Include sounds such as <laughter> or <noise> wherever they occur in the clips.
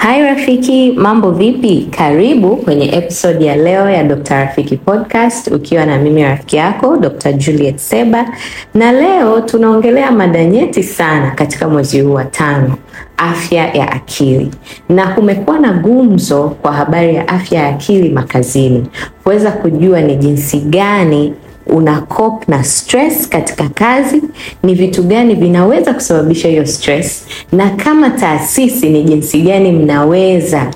Hai rafiki, mambo vipi? Karibu kwenye episode ya leo ya Dr. Rafiki Podcast ukiwa na mimi rafiki yako Dr. Juliet Seba, na leo tunaongelea mada nyeti sana katika mwezi huu wa tano, afya ya akili. Na kumekuwa na gumzo kwa habari ya afya ya akili makazini, kuweza kujua ni jinsi gani una cope na stress katika kazi, ni vitu gani vinaweza kusababisha hiyo stress, na kama taasisi ni jinsi gani mnaweza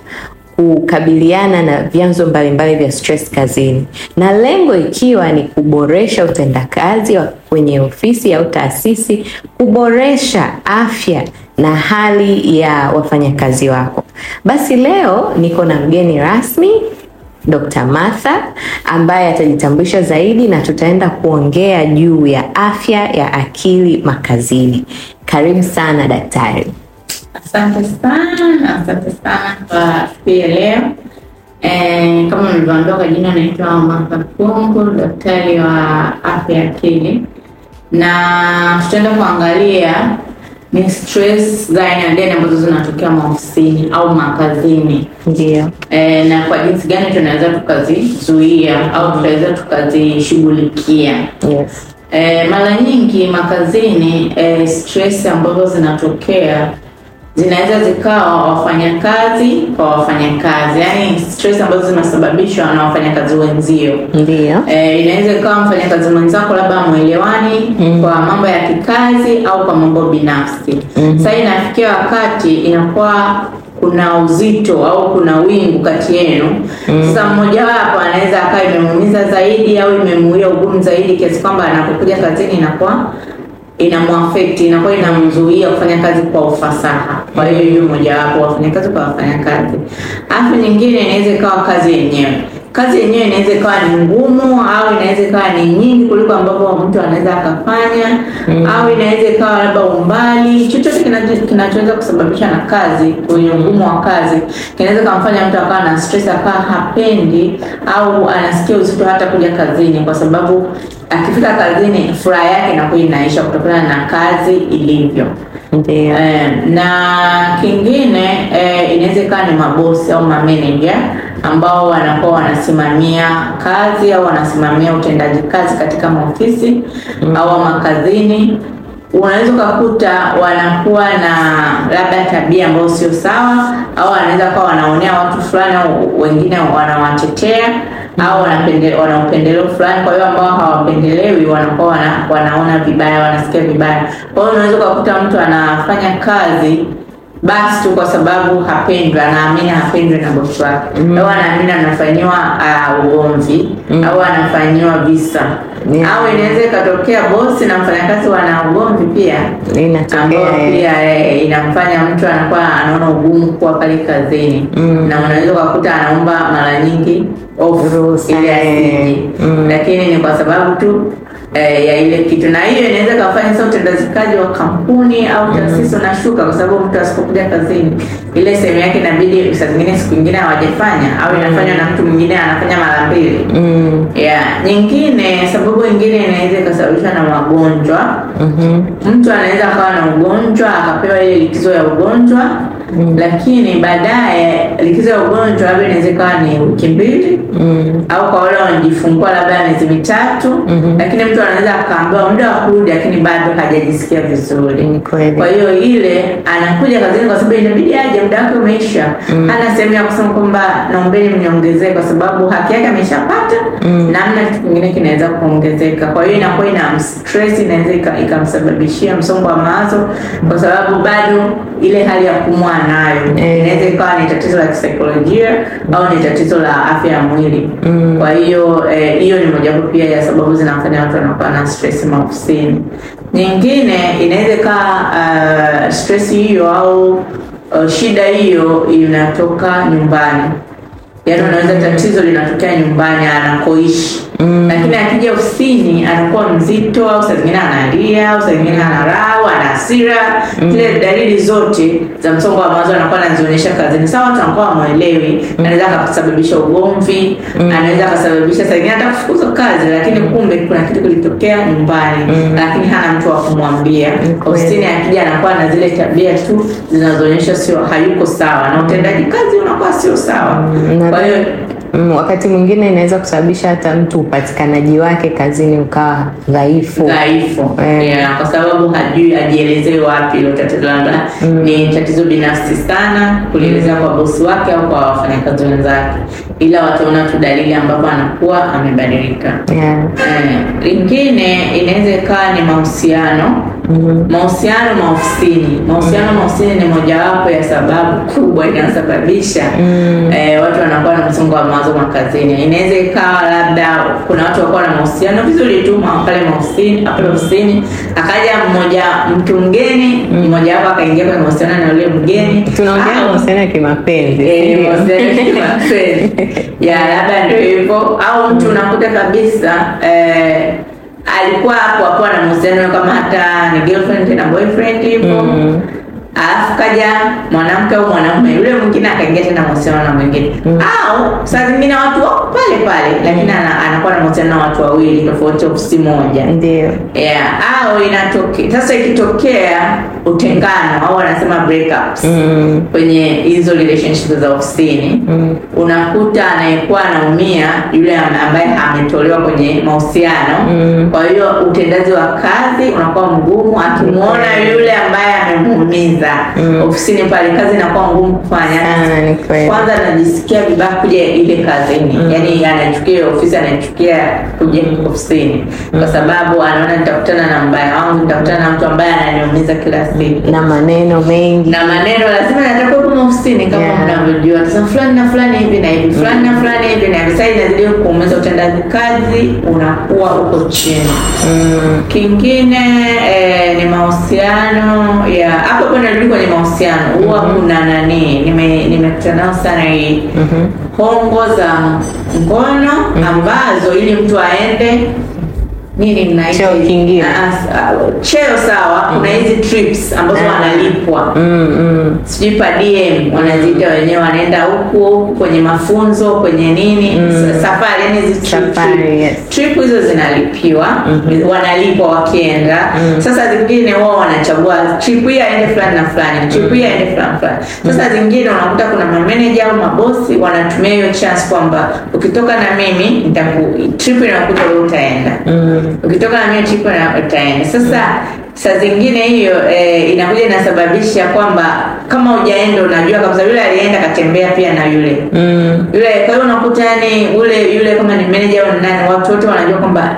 kukabiliana na vyanzo mbalimbali vya stress kazini, na lengo ikiwa ni kuboresha utendakazi kwenye ofisi au taasisi, kuboresha afya na hali ya wafanyakazi wako. Basi leo niko na mgeni rasmi Dr. Martha ambaye atajitambulisha zaidi na tutaenda kuongea juu ya afya ya akili makazini. Karibu sana daktari. Asante sana, asante sana kwa pia leo. E, kama nilivyoondoa kwa jina, naitwa Martha Kungu, daktari wa afya ya akili, na tutaenda kuangalia ni stress gani na gani ambazo zinatokea maofisini au makazini? Ndio. E, na kwa jinsi gani tunaweza tukazizuia au tunaweza tukazishughulikia? Yes. E, mara nyingi makazini e, stress ambazo zinatokea zinaweza zikawa wafanyakazi kwa wafanyakazi, yani stress ambazo zinasababishwa na wafanyakazi wenzio. Ndio. E, inaweza ikawa mfanyakazi mwenzako labda mwelewani mm. kwa mambo ya kikazi au kwa mambo binafsi mm. Sasa inafikia wakati inakuwa kuna uzito au kuna wingu kati yenu mm. Sasa wapo anaweza akawa imemuumiza zaidi au imemuia ugumu zaidi kiasi kwamba anapokuja kazini inakuwa inamwafekti inakuwa inamzuia kufanya kazi kwa ufasaha. Kwa hiyo hiyo mojawapo wafanya kazi kwa wafanya kazi, alafu nyingine inaweza ikawa kazi yenyewe kazi yenyewe inaweza ikawa ni ngumu au inaweza ikawa ni nyingi kuliko ambapo mtu anaweza akafanya mm. au inaweza ikawa labda umbali, chochote kinachoweza kusababisha na kazi kwenye ugumu wa kazi kinaweza kumfanya mtu akawa na stress, akawa hapendi au anasikia uzito hata kuja kazini, kwa sababu akifika kazini furaha yake inakuwa inaisha kutokana na kazi ilivyo. Ndiyo. Eh, na kingine eh, inaweza ikawa ni mabosi au mameneja ambao wanakuwa wanasimamia kazi au wanasimamia utendaji kazi katika maofisi mm. au makazini unaweza ukakuta wanakuwa na labda tabia ambayo sio sawa, au wanaweza kuwa wanaonea watu fulani, au wengine wanawatetea au wana upendeleo fulani. Kwa hiyo ambao hawapendelewi wanakuwa wana, wanaona vibaya, wanasikia vibaya. Kwa hiyo unaweza ukakuta mtu anafanya kazi basi tu kwa sababu hapendwi, anaamini hapendwi na bosi wake mm. au anaamini anafanyiwa uh, ugomvi mm. au anafanyiwa visa yeah. au inaweza ikatokea bosi na mfanyakazi wana ugomvi pia, ambayo pia eh, inamfanya mtu anakuwa anaona ugumu kuwa pale kazini mm. na unaweza ukakuta anaomba mara nyingi off ili asije eh. mm. lakini ni kwa sababu tu eh, ya ile kitu, na hiyo inaweza kafanya sasa utendazikaji wa kampuni au taasisi unashuka, kwa sababu mtu asipokuja kazini, ile sehemu yake inabidi saa zingine siku nyingine hawajafanya au mm. inafanywa na mtu mwingine anafanya mara mbili. Mm. Yeah. Nyingine sababu nyingine inaweza ikasababishwa na magonjwa. Mm -hmm. Mtu anaweza akawa na ugonjwa akapewa ile likizo ya ugonjwa mm. lakini baadaye likizo ya ugonjwa labda inaweza ikawa ni wiki mbili mm. au kwa wale wanajifungua labda miezi mitatu mm -hmm. lakini mtu anaweza akaambiwa muda wa kurudi, lakini bado hajajisikia vizuri kwa hiyo ile anakuja kazini kwa sababu inabidi aje, muda wake umeisha mm. hana sehemu ya kusema kwamba naombeni mniongezee, kwa sababu haki yake ameshapata mm. kitu kingine kinaweza kuongezeka. Kwa hiyo inakuwa ina stress, inaweza ikamsababishia msongo wa mawazo, kwa sababu bado ile hali ya kumwana nayo eh. Inaweza ikawa ni tatizo la kisaikolojia au ni tatizo la afya ya mwili mm. Kwa hiyo eh, hiyo eh, ni mojawapo pia ya sababu zinafanya watu wanakuwa na stress maofisini. Nyingine inaweza ikawa uh, stress hiyo au uh, shida hiyo inatoka nyumbani, yaani unaweza tatizo linatokea nyumbani anakoishi mm. Lakini akija ofisini anakuwa mzito, au saa zingine analia, au saa zingine anarau, ana hasira mm. Zile dalili zote za msongo wa mawazo anakuwa anazionyesha kazini. Sawa, watu wanakuwa wamwelewi mm. Anaweza akasababisha ugomvi mm. Anaweza akasababisha saa zingine hata kufukuzwa kazi, lakini mm. kumbe kuna kitu kilitokea nyumbani mm. Lakini hana mtu wa kumwambia Ofisini akija anakuwa na zile tabia tu zinazoonyesha sio hayuko sawa na utendaji kazi unakuwa sio sawa, mm. kwa hiyo Mm, wakati mwingine inaweza kusababisha hata mtu upatikanaji wake kazini ukawa dhaifu dhaifu, yeah. Yeah, kwa sababu hajui ajielezee wapi hilo tatizo, labda mm. ni tatizo binafsi sana kulielezea mm. kwa bosi wake au kwa wafanyakazi wenzake, ila wataona tu dalili ambapo anakuwa amebadilika. Eh, lingine yeah. Yeah, inaweza ikawa ni mahusiano Mm-hmm. mahusiano maofisini. Mahusiano maofisini ni mojawapo ya sababu kubwa inayosababisha mm. eh, watu wanakuwa na msongo wa mawazo makazini. Inaweza ikawa labda kuna watu wakuwa na mahusiano vizuri tu pale maofisini pale ofisini, akaja mmoja mtu mgeni mm. mmojawapo akaingia kwenye mahusiano na yule mgeni. Tunaongea ah, mahusiano ya kimapenzi, eh, mahusiano ya kimapenzi <laughs> ya labda ndio hivyo, au mtu unakuta kabisa eh, alikuwa hapo akuwa na mahusiano kama hata ni girlfriend na boyfriend hivyo mm alafu kaja mwanamke au mwanaume yule mwingine akaingia tena mahusiano na mwingine mm. au saa zingine watu wako pale pale lakini mm. anakuwa na mahusiano na watu wawili tofauti ofisi moja ndio yeah. au inatokea sasa ikitokea utengano au wanasema breakups mm. kwenye hizo relationship za ofisini mm. unakuta anayekuwa anaumia yule ambaye ametolewa kwenye mahusiano mm. kwa hiyo utendaji wa kazi unakuwa mgumu akimwona mm. yule ambaye amemuumiza bidhaa mm. ofisini pale kazi inakuwa ngumu kufanya. Ah, kwanza anajisikia vibaya kuja ile kazini mm. yani anachukia ya ofisi, anachukia kuja ofisini mm. kwa sababu anaona nitakutana na mbaya wangu, nitakutana na mtu ambaye ananiumiza kila siku na maneno mengi na maneno lazima natakuwa kama ofisini kama yeah. mnavyojua sasa, fulani na fulani hivi na hivi fulani na mm. fulani hivi na hivi, sasa inazidi kuumiza, utendaji kazi unakuwa uko chini mm. kingine eh, ni mahusiano ya hapo kuna tunarudi kwenye mahusiano huwa mm -hmm. kuna nani nimekutana sana hii mm -hmm. hongo za mkono mm -hmm. ambazo ili mtu aende nini mnaita ah, ah, ah, cheo sawa mm-hmm. kuna mm. hizi trips ambazo mm. wanalipwa mm, mm. sijui padm wanaziita wenyewe wanaenda huku kwenye mafunzo kwenye nini mm. safari yani hizi trip, yes. trip hizo zinalipiwa mm-hmm. wanalipwa wakienda mm. sasa zingine wao wanachagua trip hii aende fulani na fulani trip hii mm. aende fulani fulani sasa mm. zingine unakuta kuna mameneja au mabosi wanatumia hiyo chance kwamba ukitoka na mimi nitaku trip inakuta utaenda mm Ukitoka na hiyo chiko na utaenda sasa mm Saa zingine hiyo eh, inakuja inasababisha kwamba kama ujaenda unajua kabisa yule alienda katembea pia na yule mm. Yule kwa hiyo unakuta yani ule yule kama ni meneja au nani, watu wote wanajua kwamba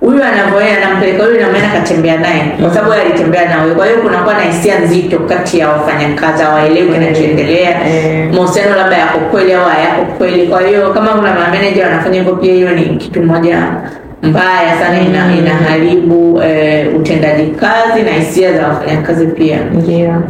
huyu anavyoenda anampeleka yule namaana katembea naye kwa mm. sababu yeye alitembea na wewe. Kwa hiyo kunakuwa na hisia nzito kati ya wafanyakazi, hawaelewi mm. kinachoendelea, eh. mahusiano labda yako kweli au hayako kweli. Kwa hiyo kama kuna manager wanafanya hivyo, pia hiyo ni kitu moja mbaya sana, ina mm. inaharibu e, utendaji kazi na hisia za wafanyakazi pia yeah.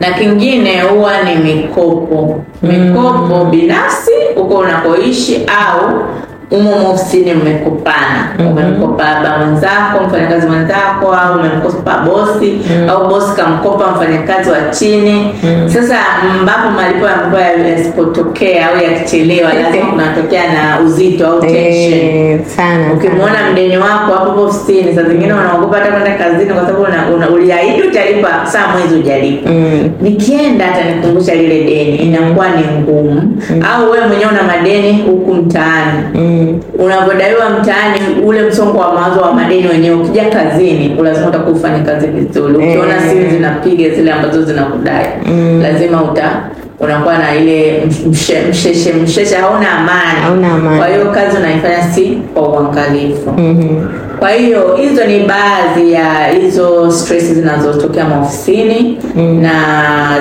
Na kingine huwa ni mikopo, mikopo mm. binafsi uko unakoishi au umo ofisini mmekopana, mm -hmm. umemkopa baba mwenzako, mfanyakazi mwenzako, au umemkopa bosi mm -hmm. au bosi kamkopa mfanyakazi wa chini mm -hmm. Sasa ambapo malipo ambayo yasipotokea au yakichelewa, eh, lazima eh. kunatokea na uzito au eh, tension sana. Ukimwona mdeni wako hapo ofisini, saa zingine wanaogopa hata kwenda kazini, kwa sababu uliahidi utalipa, saa mwezi ujalipa mm. Nikienda hata nikumbusha lile deni, mm. inakuwa ni ngumu. mm. Au wewe mwenyewe una madeni huku mtaani mm unavyodaiwa mtaani, ule msongo wa mawazo wa madeni wenyewe, ukija kazini lazima utakuwa ufanye kazi vizuri. Ukiona mm. simu zinapiga zile ambazo zinakudai mm. lazima uta unakuwa na ile msheshe msheshe msheshe, hauna amani. Kwa hiyo kazi unaifanya si kwa uangalifu. mm -hmm. Kwa hiyo hizo ni baadhi ya hizo stress zinazotokea maofisini mm. na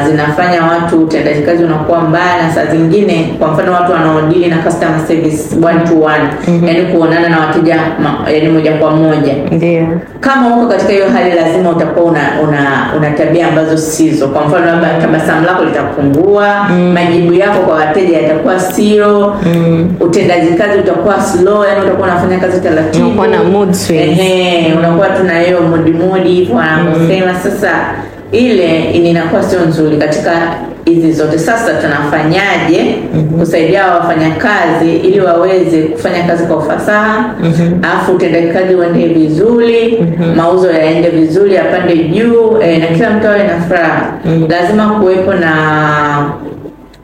zinafanya watu utendaji kazi unakuwa mbaya, na saa zingine, kwa mfano, watu wanaodili na customer service one to one mm -hmm. yani kuonana na wateja yani moja kwa moja ndio Kama uko katika hiyo hali, lazima utakuwa una, una, una tabia ambazo sizo, kwa mfano, labda tabasamu lako litapungua mm. majibu yako kwa wateja yatakuwa sio mm. utendaji kazi utakuwa slow, yani utakuwa unafanya kazi taratibu, unakuwa na Ehe, unakuwa tuna hiyo modi modi hivyo wanavyosema. Ah, mm-hmm. Sasa ile inakuwa sio nzuri katika hizi zote. Sasa tunafanyaje mm-hmm. kusaidia -hmm. kusaidia wafanyakazi ili waweze kufanya kazi kwa ufasaha mm-hmm. alafu utendaji kazi uende vizuri mauzo yaende vizuri, yapande juu eh, na kila mtu awe na furaha lazima kuwepo na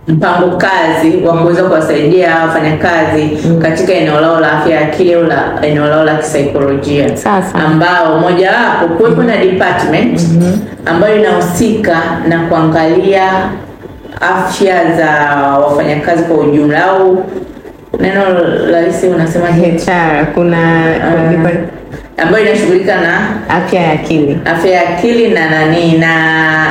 mpango kazi wa kuweza kuwasaidia wafanyakazi mm. katika eneo lao la afya ya akili au la eneo lao la kisaikolojia, ambao mojawapo kuwepo na department mm -hmm. ambayo inahusika na kuangalia afya za wafanyakazi kwa ujumla, au neno rahisi unasema HR, kuna uh, ambayo inashughulika na afya ya akili, afya ya akili na nani na,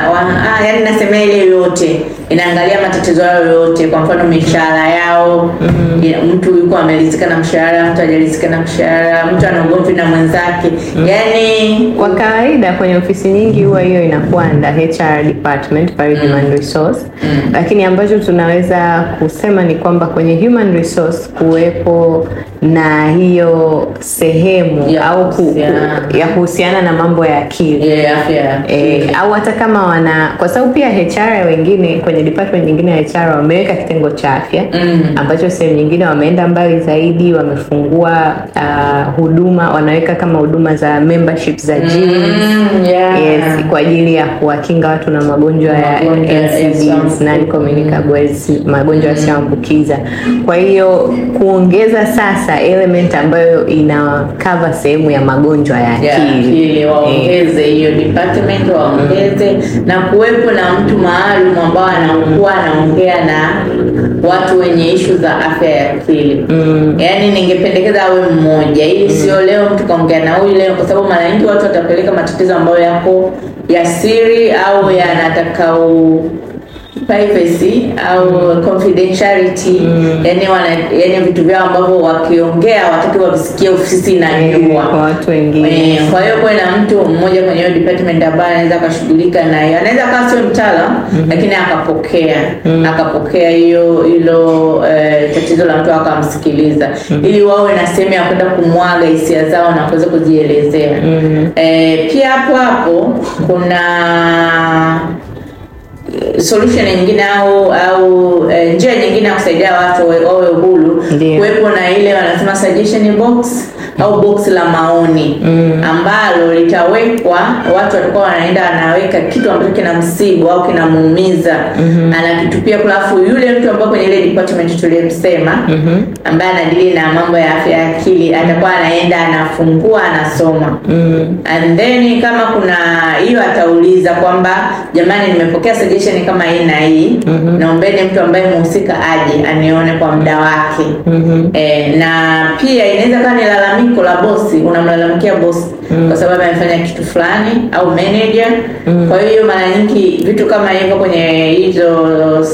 na, na, na, na, inaangalia matatizo yao yote, kwa mfano mishahara yao mm -hmm. Mtu yuko amelizika na mshahara, mtu hajarizika na mshahara, mtu ana ugomvi na mwenzake mm -hmm. Yani kwa kawaida kwenye ofisi nyingi huwa hiyo inakuwa under HR department pale mm -hmm. human resource mm -hmm. Lakini ambacho tunaweza kusema ni kwamba kwenye human resource kuwepo na hiyo sehemu ya au ku, ku, ya kuhusiana na mambo ya akili yeah, yeah. E, yeah. Au hata kama wana kwa sababu pia HR wengine kwenye kwenye department nyingine ya HR wameweka kitengo cha afya mm. ambacho sehemu nyingine wameenda mbali zaidi, wamefungua uh, huduma wanaweka kama huduma za membership za gym mm, yeah. yes, kwa ajili ya kuwakinga watu na magonjwa ya NCDs, non communicable mm. magonjwa mm. yasiyoambukiza. Kwa hiyo kuongeza sasa element ambayo ina cover sehemu ya magonjwa ya akili yeah, waongeze eh. hiyo department waongeze mm. na kuwepo na mtu maalum ambao ana anapokuwa anaongea na watu wenye ishu za afya ya akili mm. Yaani ningependekeza awe mmoja ili mm. Sio leo mtu kaongea na huyu leo, kwa sababu mara nyingi watu watapeleka matatizo ambayo yako ya siri au yanatakao privacy au confidentiality mm. Yani wana yani vitu vyao ambavyo wakiongea wataki wavisikie ofisi na eh, kwa watu wengine eh, kwa hiyo kuwe na mtu mmoja kwenye hiyo department ambayo anaweza akashughulika naye anaweza akawa sio mtaalamu mm -hmm. lakini akapokea mm akapokea hiyo hilo eh, tatizo la mtu akamsikiliza mm -hmm. ili wawe na sehemu ya kwenda kumwaga hisia zao na kuweza kujielezea mm -hmm. eh, pia hapo hapo kuna Eh, solution nyingine au au eh, njia nyingine ya kusaidia watu wawe uhuru kuwepo na ile wanasema suggestion box au box la maoni mm. ambalo litawekwa, watu walikuwa wanaenda wanaweka kitu ambacho msibu au kinamuumiza mm -hmm. anakitupia kulafu yule mtu ambaye kwenye ile department tuliyemsema mm -hmm. ambaye anadili na mambo ya afya ya akili atakuwa anaenda anafungua anasoma mm. and then kama kuna kuuliza kwamba jamani, nimepokea suggestion kama hii na hii mm -hmm. naombeni mtu ambaye muhusika aje anione kwa muda wake mm -hmm. E, na pia inaweza kuwa ni lalamiko la bosi, unamlalamikia bosi mm -hmm. kwa sababu amefanya kitu fulani au manager mm -hmm. kwa hiyo mara nyingi vitu kama hivyo kwenye hizo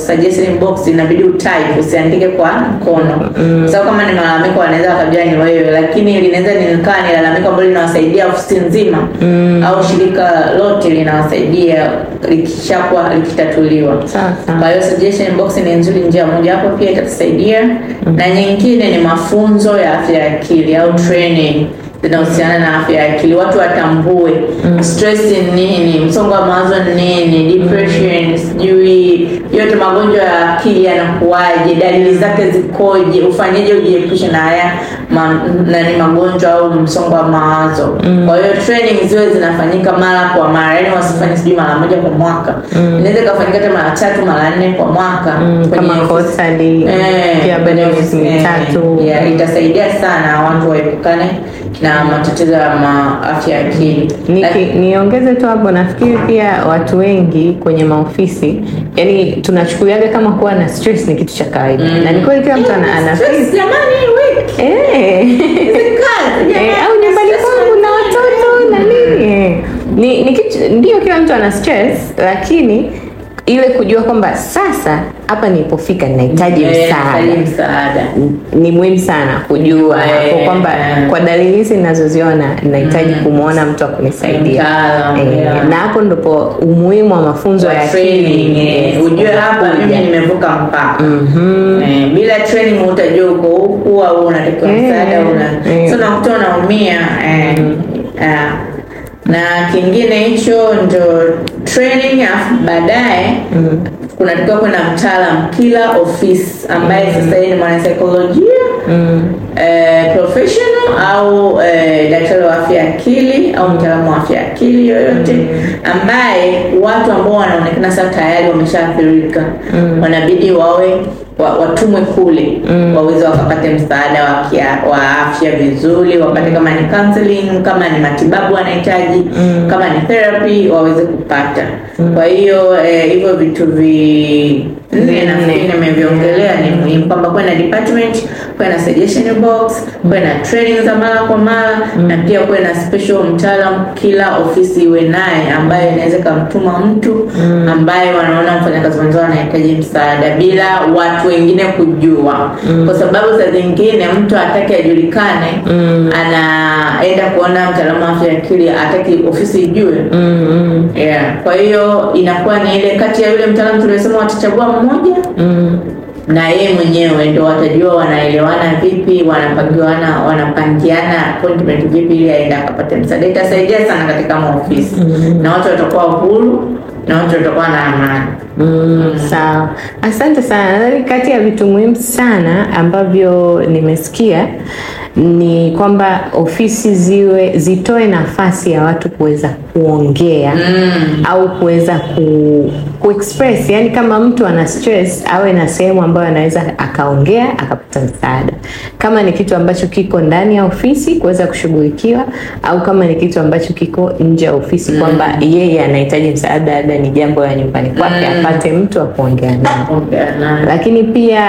suggestion box inabidi utype, usiandike kwa mkono mm -hmm. kwa sababu kama ni malalamiko wanaweza wakajua ni wewe, lakini linaweza nikawa ni lalamiko ambalo linawasaidia ofisi nzima mm -hmm. au shirika lote linawasaidia kuwasaidia likishakuwa likitatuliwa. Kwa hiyo suggestion box ni nzuri, njia moja hapo pia itatusaidia mm -hmm. na nyingine ni mafunzo ya afya ya akili au training zinahusiana na afya ya akili, watu watambue mm. stress ni nini, msongo wa mawazo ni nini, mm. depression sijui yote, magonjwa ya akili yanakuwaje, dalili zake zikoje, ufanyeje ujiepushe na haya ma, nani magonjwa au msongo wa mawazo mm. Kwa hiyo training ziwe zinafanyika mara kwa mara, yani wasifanye sijui mara moja kwa mwaka mm. Inaweza ikafanyika hata mara tatu mara nne kwa mwaka mm, kama hostali eh, pia itasaidia sana watu waepukane na matatizo ya afya ya akili. Eh, niongeze tu hapo, nafikiri pia watu wengi kwenye maofisi yani tunachukuliaga kama kuwa na stress ni kitu cha kawaida mm. na ni kweli kila mtu ana eh. <laughs> eh, au nyumbani kwangu na watoto na nini, mm. ndio kila mtu ana stress lakini ile kujua kwamba sasa hapa nilipofika ninahitaji eh, msaada, msaada ni muhimu sana kujua eh, hapo kwamba eh. kwa dalili hizi ninazoziona ninahitaji mm. kumwona mtu akunisaidia. E, na hapo ndipo umuhimu wa mafunzo ya training, ujue hapo nimevuka mpaka. Mhm. Bila training utajua uko huku au unatakiwa msaada, unakuta unaumia mm. na kingine hicho ndio training afu baadaye mm. kunatakiwa kuwe mtaalam kila ofisi ambaye mm. sasa ni mwanasaikolojia mm. eh, professional au eh, daktari wa afya akili au mm. mtaalamu wa afya akili yoyote mm. ambaye watu ambao wanaonekana sasa tayari wameshaathirika mm. wanabidi wawe watumwe kule mm. waweze wakapate msaada wa, kia, wa afya vizuri, wapate kama ni counseling, kama ni matibabu wanahitaji mm. kama ni therapy waweze kupata mm. kwa hiyo eh, hivyo eh, vitu vi nne nafikiri nimeviongelea ni muhimu kwamba kuwe na department, kuwe na suggestion box, kuwe na training za mara kwa mara mm. na pia kuwe na special mtaalamu kila ofisi iwe naye ambaye inaweza kumtuma mtu mm. ambaye wanaona mfanyakazi mwenzao anahitaji msaada bila watu wengine kujua mm. kwa sababu za zingine mtu hataki ajulikane mm. anaenda kuona mtaalamu wa afya ya akili hataki ofisi ijue mm. mm. yeah. kwa hiyo inakuwa ni ile kati ya yule mtaalamu tuliyosema watachagua pamoja mm. na yeye mwenyewe ndo watajua wanaelewana vipi, wanapangiana, wanapangiana appointment vipi, ili aenda akapate msaada. Itasaidia sana katika maofisi mm. na watu watakuwa huru na watu watakuwa na amani. Mm, mm, sawa, asante sana. Nadhani kati ya vitu muhimu sana ambavyo nimesikia ni kwamba ofisi ziwe zitoe nafasi ya watu kuweza kuongea mm. au kuweza ku, ku express yani, kama mtu ana stress awe na sehemu ambayo anaweza akaongea akapata msaada, kama ni kitu ambacho kiko ndani ya ofisi kuweza kushughulikiwa, au kama ni kitu ambacho kiko nje ya ofisi mm. kwamba yeye anahitaji msaada, labda ni jambo la nyumbani kwake mm. apate mtu wa kuongea naye okay, lakini pia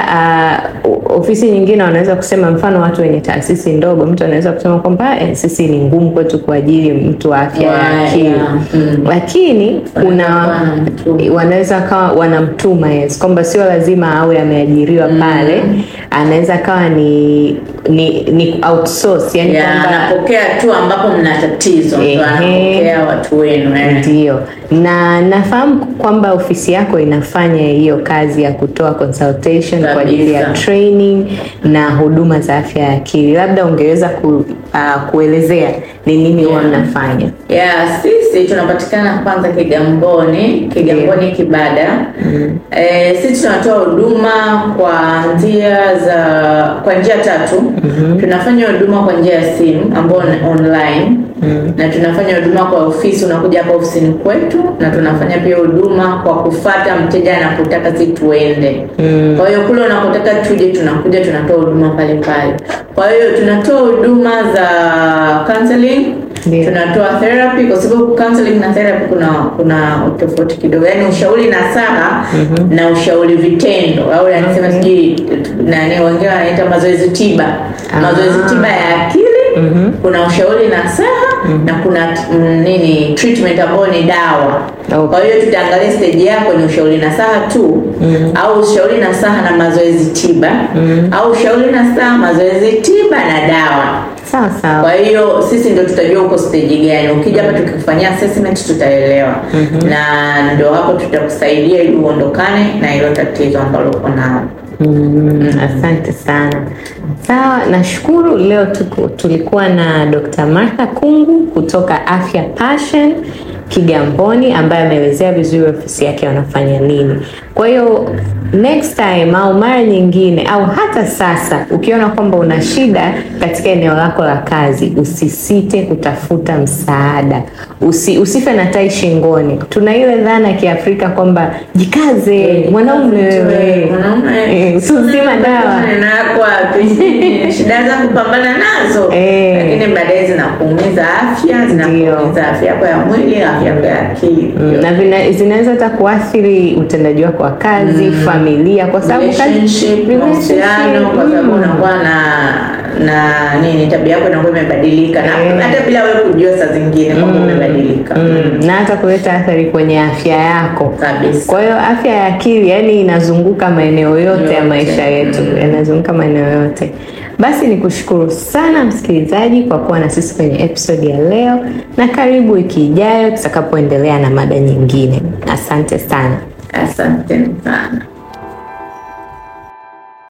uh, ofisi nyingine wanaweza kusema mfano watu wenye taasisi sisi ndogo, mtu anaweza kusema kwamba eh, sisi ni ngumu kwetu kuajiri mtu afya wow, ya akili yeah. mm. Lakini kuna wanaweza kawa wanamtuma yes, kwamba sio lazima awe ameajiriwa mm. pale, anaweza kawa ni ni, ni outsource yani yeah, kwamba anapokea tu ambapo mna tatizo anapokea watu wenu eh. Ndio, na nafahamu kwamba ofisi yako inafanya hiyo kazi ya kutoa consultation kwa ajili ya training na huduma za afya ya akili, labda ungeweza ku, uh, kuelezea ni nini yeah. wanafanya yeah, sisi tunapatikana kwanza Kigamboni, Kigamboni yeah. Kibada mm. eh, sisi tunatoa huduma kwa njia za kwa njia tatu -hmm. tunafanya huduma kwa njia ya simu ambayo ni online mm -hmm. na tunafanya huduma kwa ofisi, unakuja hapa ofisini kwetu, na tunafanya pia huduma kwa kufata mteja anapotaka si tuende mm -hmm. kwa hiyo kule unapotaka tuje, tunakuja tunatoa huduma pale pale. Kwa hiyo tunatoa huduma za counseling tunatoa therapy kwa sababu counseling na therapy kuna kuna tofauti kidogo, yaani ushauri nasaha mm -hmm. na ushauri vitendo au anasema yaani sijui nani, wengine wanaita mazoezi tiba ah. mazoezi tiba ya akili mm -hmm. kuna ushauri nasaha mm -hmm. na kuna mm, nini treatment ambayo ni dawa okay. Kwa hiyo tutaangalia stage yako ni ushauri saha tu mm -hmm. au ushauri nasaha na mazoezi tiba mm -hmm. au ushauri nasaha mazoezi tiba na dawa sawa sawa. Kwa hiyo sisi ndio tutajua uko stage gani, ukija hapa tukikufanyia assessment tutaelewa mm -hmm. na ndio hapo tutakusaidia ili uondokane na hilo tatizo ambalo uko nalo. Mm, asante sana. Sawa, nashukuru. Leo tuku, tulikuwa na Dr. Martha Kungu kutoka Afya Passion. Kigamboni ambaye ameelezea vizuri ofisi yake wanafanya nini. Kwa hiyo next time au mara nyingine au hata sasa ukiona kwamba una shida katika eneo lako la kazi, usisite kutafuta msaada. Usi, usife na tai shingoni. Tuna ile dhana ya Kiafrika kwamba jikaze mwanaume wewe, mwanaume usizima eh, dawa <laughs> shida za kupambana nazo, eh. lakini baadaye zinakuumiza afya, zinakuumiza afya yako ya mwili afya ya akili mm, na zinaweza hata kuathiri utendaji wako wa kazi mm, familia kwa sababu mahusiano, kwa sababu mm. unakuwa na na nini tabia yako inakuwa imebadilika na eh. hata bila wewe kujua, saa zingine mm. kwamba umebadilika mm, mm, na hata kuleta athari kwenye afya yako kabisa. Kwa hiyo afya ya akili yani inazunguka maeneo yote, yote ya maisha yetu mm, inazunguka maeneo yote. Basi ni kushukuru sana msikilizaji kwa kuwa na sisi kwenye episodi ya leo, na karibu wiki ijayo tutakapoendelea na mada nyingine. Asante sana, asante sana.